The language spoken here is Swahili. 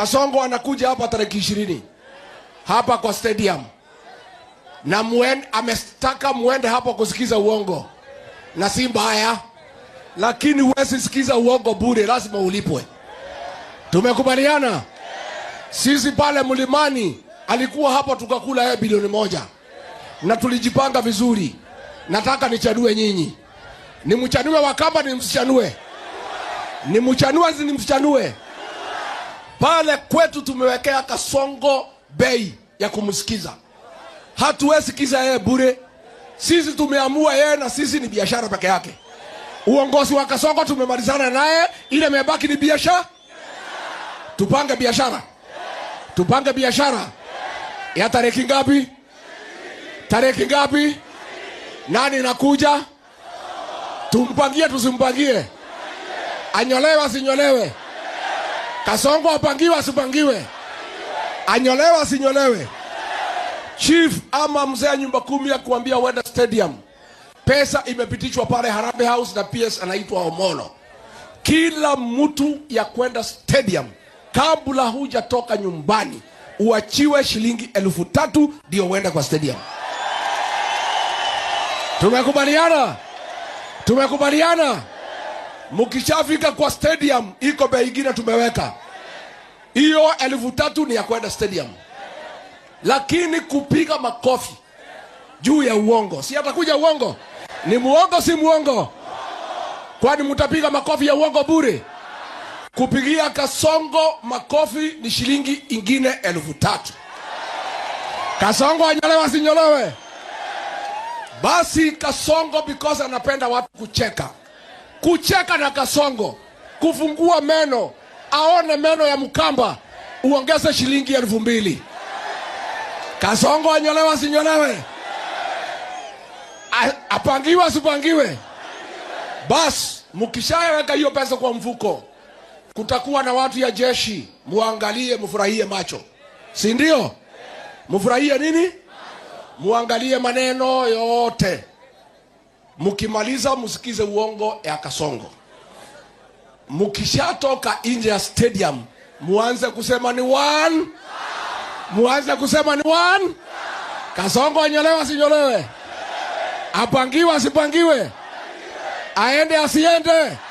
Kasongo anakuja hapa tarehe ishirini hapa kwa stadium, na muen, ametaka muende hapa kusikiza uongo na si mbaya, lakini huwezi sikiza uongo bure, lazima ulipwe. Tumekubaliana sisi pale mlimani, alikuwa hapa tukakula yeye bilioni moja na tulijipanga vizuri. Nataka nichanue nyinyi, nimchanue Wakamba, nimsichanue, nimchanue, nimsichanue pale kwetu tumewekea kasongo bei ya kumsikiza, hatuwezi sikiza yeye bure. Sisi tumeamua yeye na sisi ni biashara peke yake. Uongozi wa Kasongo tumemalizana naye, ile imebaki ni biashara. Tupange biashara, tupange biashara ya tarehe ngapi Tarehe ngapi? Nani nakuja? Tumpangie tusimpangie? Anyolewe asinyolewe? Kasongo apangiwe asipangiwe, anyolewe asinyolewe, chief ama mzee ya nyumba kumi ya kuambia wenda stadium, pesa imepitishwa pale Harambee House na PS anaitwa Omolo. Kila mtu ya kwenda stadium kabla hujatoka nyumbani uachiwe shilingi elfu tatu ndio uende kwa stadium. Tumekubaliana, tumekubaliana mkishafika kwa stadium iko bei ingine tumeweka hiyo elfu tatu ni ya kwenda stadium lakini kupiga makofi juu ya uongo si atakuja uongo ni muongo si muongo kwani mtapiga makofi ya uongo bure kupigia kasongo makofi ni shilingi ingine elfu tatu kasongo anyolewe asinyolewe basi kasongo because anapenda watu kucheka kucheka na kasongo, kufungua meno, aone meno ya Mkamba, uongeze shilingi elfu mbili. Kasongo anyolewa sinyolewe, apangiwe asipangiwe, basi mkishaweka hiyo pesa kwa mfuko, kutakuwa na watu ya jeshi, muangalie, mfurahie macho, si ndio? Mfurahie nini? Muangalie maneno yote mkimaliza msikize uongo ya Kasongo. Mkishatoka nje ya stadium, muanze kusema ni one, muanze kusema ni one. Kasongo anyolewe asinyolewe, apangiwe asipangiwe, aende asiende.